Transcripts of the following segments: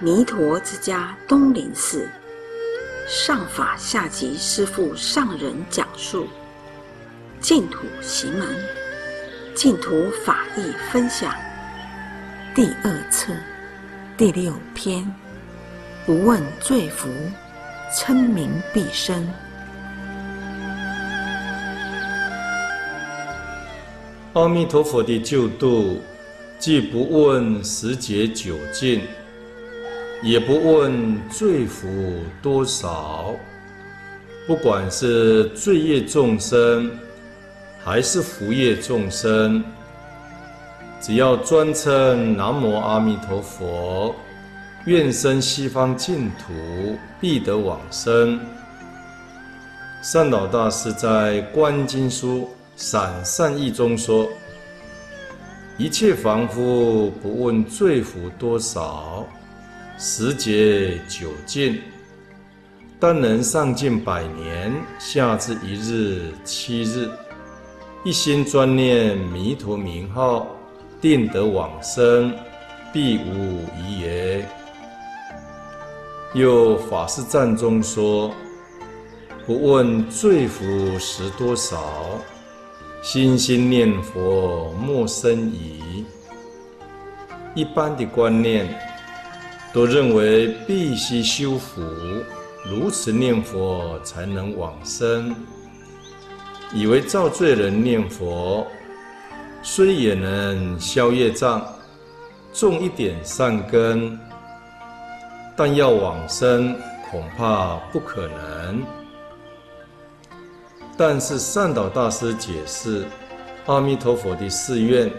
彌陀之家東林寺上法下寂師父上人講述《淨土行門》淨土法義分享第二冊第六篇：不問罪福，稱名必生。阿彌陀佛的救度，既不問時節久近。也不問罪福多少，不管是罪業眾生，還是福業眾生，只要專稱南無阿彌陀佛，願生西方淨土，必得往生。善導大師在《觀經疏》《散善義》中說：“一切凡夫不問罪福多少。”時節久近，但能上盡百年，下至一日七日，一心專念彌陀名號，定得往生，必無疑也。又法事讚中說：“不問罪福時多少，心心念佛莫生疑。”一般的觀念。都認為必須修福，如此念佛才能往生，以為造罪人念佛，雖也能消業障、種一點善根，但要往生恐怕不可能。但是善導大師解釋，阿彌陀佛的誓願，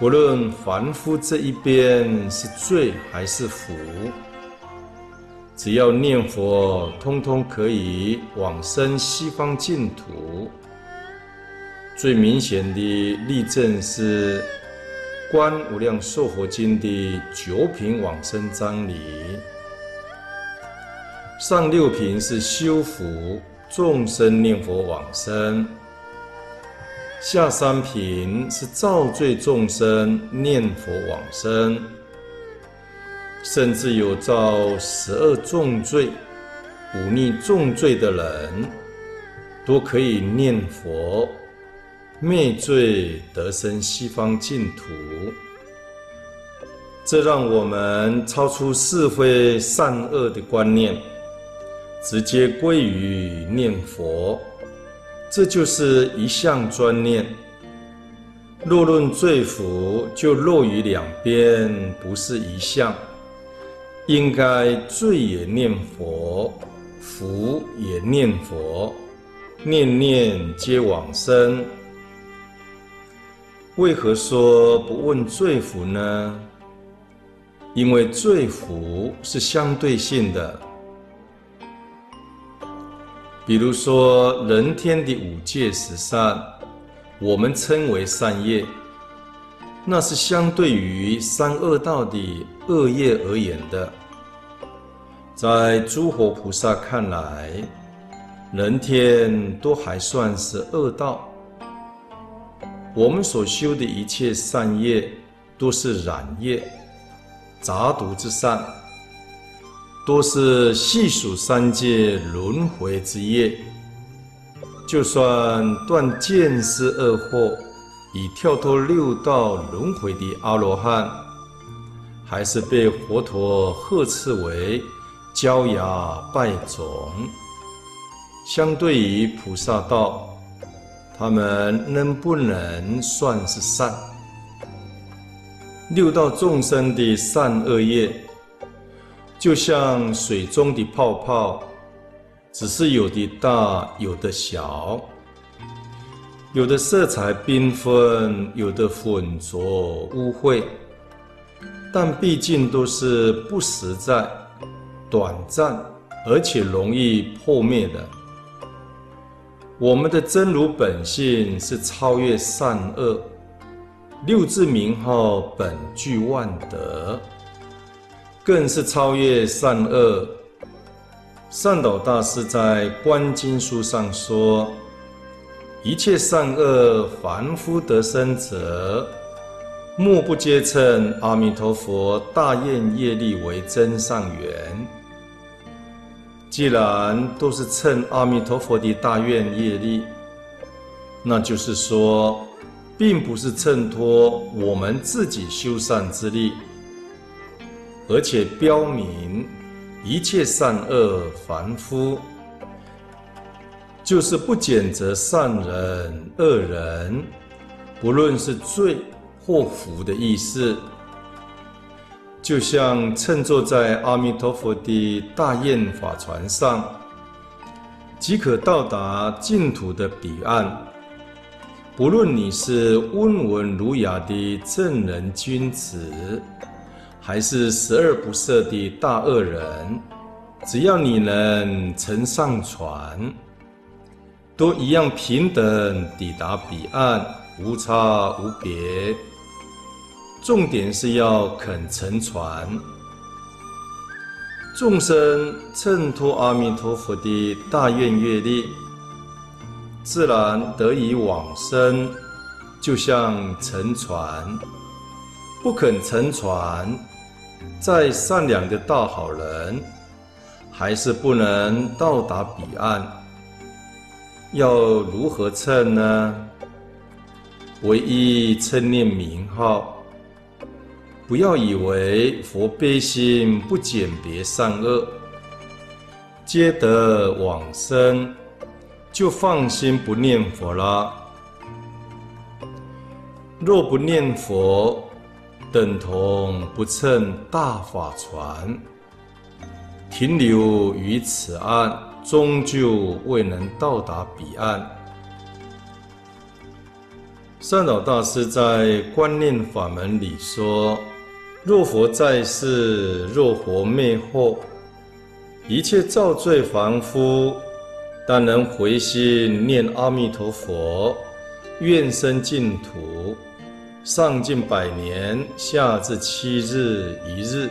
不論凡夫這一邊是罪還是福，只要念佛，通通可以往生西方淨土。最明顯的例證是《觀無量壽佛經》的九品往生章裡，上六品是修福，眾生念佛往生。下三品是造罪眾生念佛往生，甚至有造十惡重罪、忤逆重罪的人，都可以念佛滅罪得生西方淨土。這讓我們超出是非善惡的觀念，直接歸於念佛。這就是一向專念。若論罪福，就落於兩邊，不是一向。應該罪也念佛，福也念佛，念念皆往生。為何說不問罪福呢？因為罪福是相對性的。比如說，人天的五戒十善，我們稱為善業，那是相對於三惡道的惡業而言的。在諸佛菩薩看來，人天都還算是惡道。我們所修的一切善業，都是染業、雜毒之善。多是細數三界輪迴之業，就算斷見思二惑，已跳脫六道輪迴的阿羅漢，還是被佛陀呵斥為焦芽敗種。相對於菩薩道，他們能不能算是善？六道眾生的善惡業。就像水中的泡泡，只是有的大，有的小，有的色彩繽紛，有的渾濁污穢，但畢竟都是不實在、短暫，而且容易破滅的。我們的真如本性是超越善惡，六字名號本具萬德。更是超越善惡。善導大師在《觀經疏》上說：“一切善惡凡夫得生者，莫不皆乘阿彌陀佛大願業力為增上緣。”既然都是乘阿彌陀佛的大願業力，那就是說，並不是襯托我們自己修善之力。而且標明一切善惡凡夫，就是不揀擇善人惡人，不論是罪或福的意思。就像乘坐在阿彌陀佛的大願法船上，即可到達淨土的彼岸。不論你是溫文儒雅的正人君子。還是十惡不赦的大惡人，只要你能乘上船，都一樣平等抵達彼岸，無差無別。重點是要肯乘船，眾生乘托阿彌陀佛的大願願力，自然得以往生。就像乘船，不肯乘船。再善良的大好人，還是不能到達彼岸。要如何稱呢？唯一稱念名號。不要以為佛悲心不揀別善惡，皆得往生，就放心不念佛了。若不念佛，等同不乘大法船，停留於此岸，終究未能到達彼岸。善導大師在《觀念法門》裡說：“若佛在世，若佛滅後，一切造罪凡夫，但能回心念阿彌陀佛，願生淨土。”上盡百年，下至七日一日，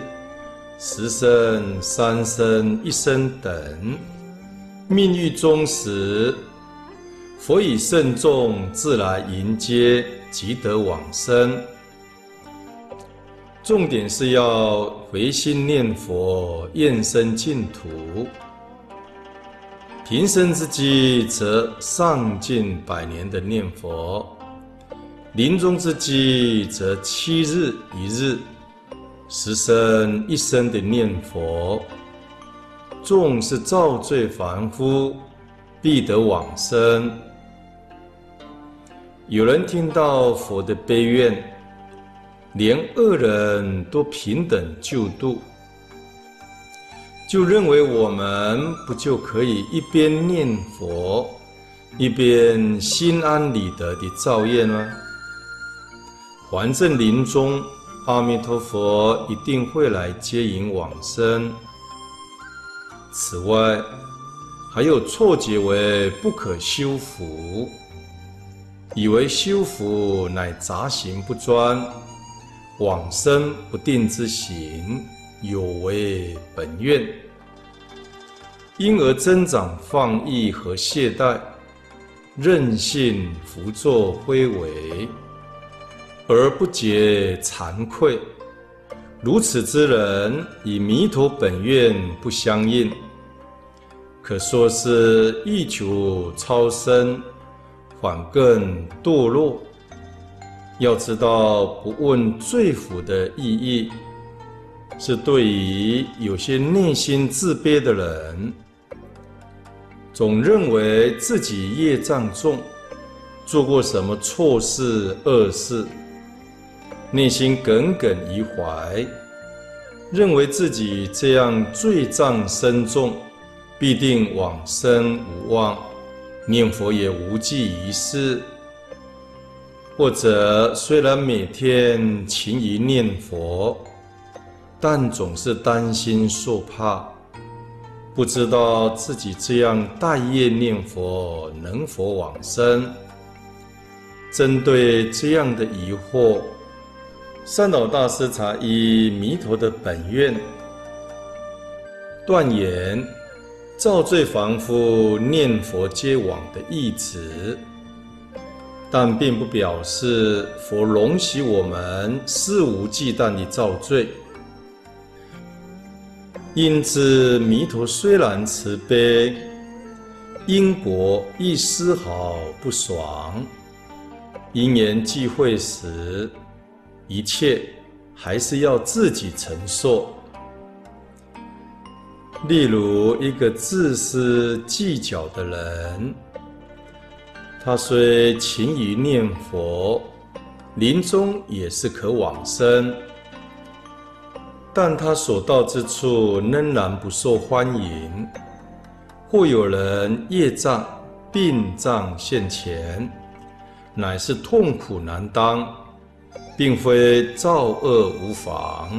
十聲、三聲、一聲等，命欲終時，佛以聖眾自來迎接，即得往生。重點是要回心念佛，願生淨土。平生之機，則上盡百年的念佛。臨終之際，則七日一日，十聲一聲的念佛，縱是造罪凡夫，必得往生。有人聽到佛的悲願，連惡人都平等救度，就認為我們不就可以一邊念佛，一邊心安理得的造業嗎？還正臨終，阿彌陀佛一定會來接引往生。此外，還有錯解為不可修福，以為修福乃雜行不專，往生不定之行，有違本願，因而增長放逸和懈怠，任性胡作非為。而不覺慚愧，如此之人，與彌陀本願不相應，可說是欲求超生，反更墮落。要知道，不問罪福的意義，是對於有些內心自卑的人，總認為自己業障重，做過什麼錯事惡事。內心耿耿於懷，認為自己這樣罪障深重，必定往生無望，念佛也無濟於事。或者雖然每天勤於念佛，但總是擔心受怕，不知道自己這樣帶業念佛能否往生。針對這樣的疑惑，三島大師查以彌陀的本願斷言，造罪凡夫念佛皆往的意旨，但並不表示佛容許我們肆無忌憚的造罪。因此彌陀雖然慈悲，因果亦絲毫不爽。因緣際會時。一切還是要自己承受。例如，一個自私計較的人，他雖勤於念佛，臨終也是可往生，但他所到之處仍然不受歡迎，或有人業障、病障現前，乃是痛苦難當。並非造惡無妨，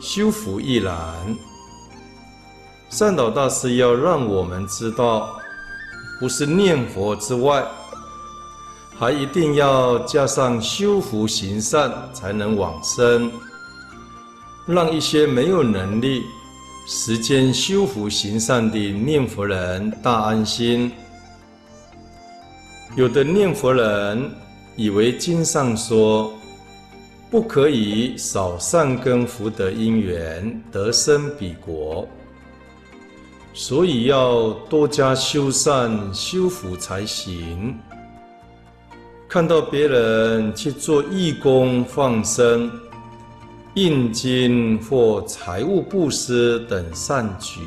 修福亦然。善導大師要讓我們知道，不是念佛之外，還一定要加上修福行善，才能往生。讓一些沒有能力、時間修福行善的念佛人大安心。有的念佛人。以為經上說不可以少善根福德因緣得生彼國，所以要多加修善修福才行。看到別人去做義工、放生、印經或財物布施等善舉，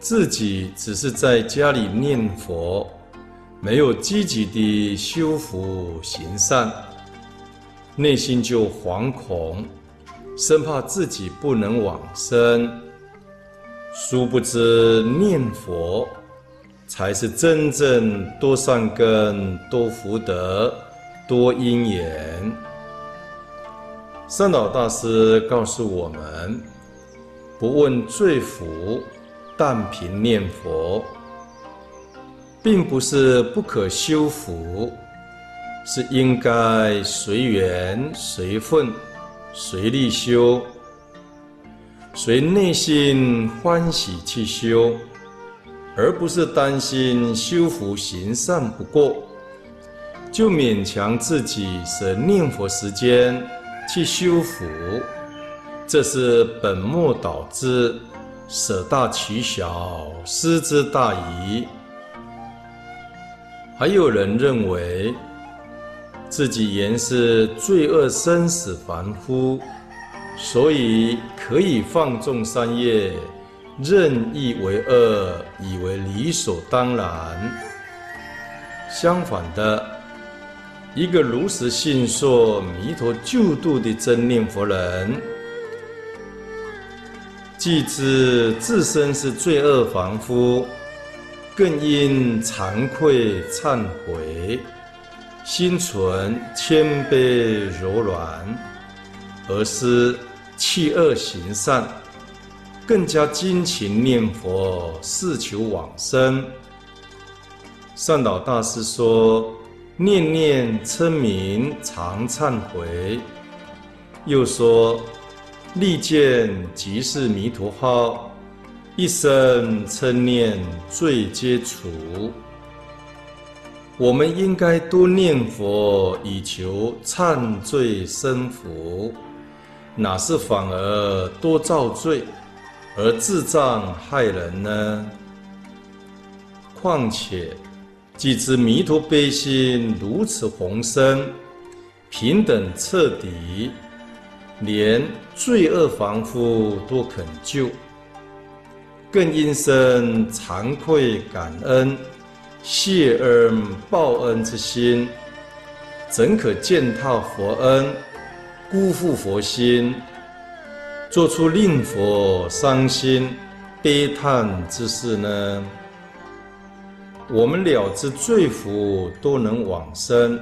自己只是在家裡念佛。沒有積極地修福行善，內心就惶恐，生怕自己不能往生。殊不知念佛，才是真正多善根、多福德、多因緣。善導大師告訴我們：不問罪福，但憑念佛。並不是不可修福，是應該隨緣隨分隨力修，隨內心歡喜去修，而不是擔心修福行善不過，就勉強自己捨念佛時間去修福，這是本末倒置，捨大取小，失之大矣。還有人認為自己原是罪惡生死凡夫，所以可以放縱三業，任意為惡，以為理所當然。相反的，一個如實信受彌陀救度的真念佛人，既知自身是罪惡凡夫。更因慚愧懺悔，悔，心存謙卑柔軟，而思棄惡行善，更加精勤念佛，是求往生。善導大師說：“念念稱名，常懺悔。”又說：“利劍即是彌陀號。”一生稱念罪皆除，我們應該多念佛以求懺罪生福，哪是反而多造罪而自障害人呢？況且既知彌陀悲心如此宏深、平等徹底，連罪惡凡夫都肯救。更應生慚愧、感恩、謝恩、報恩之心，怎可踐踏佛恩、辜負佛心，做出令佛傷心、悲嘆之事呢？我們了知罪福都能往生，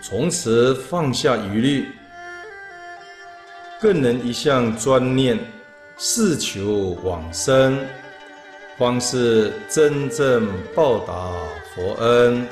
從此放下疑慮，更能一向專念。是求往生，方是真正報答佛恩。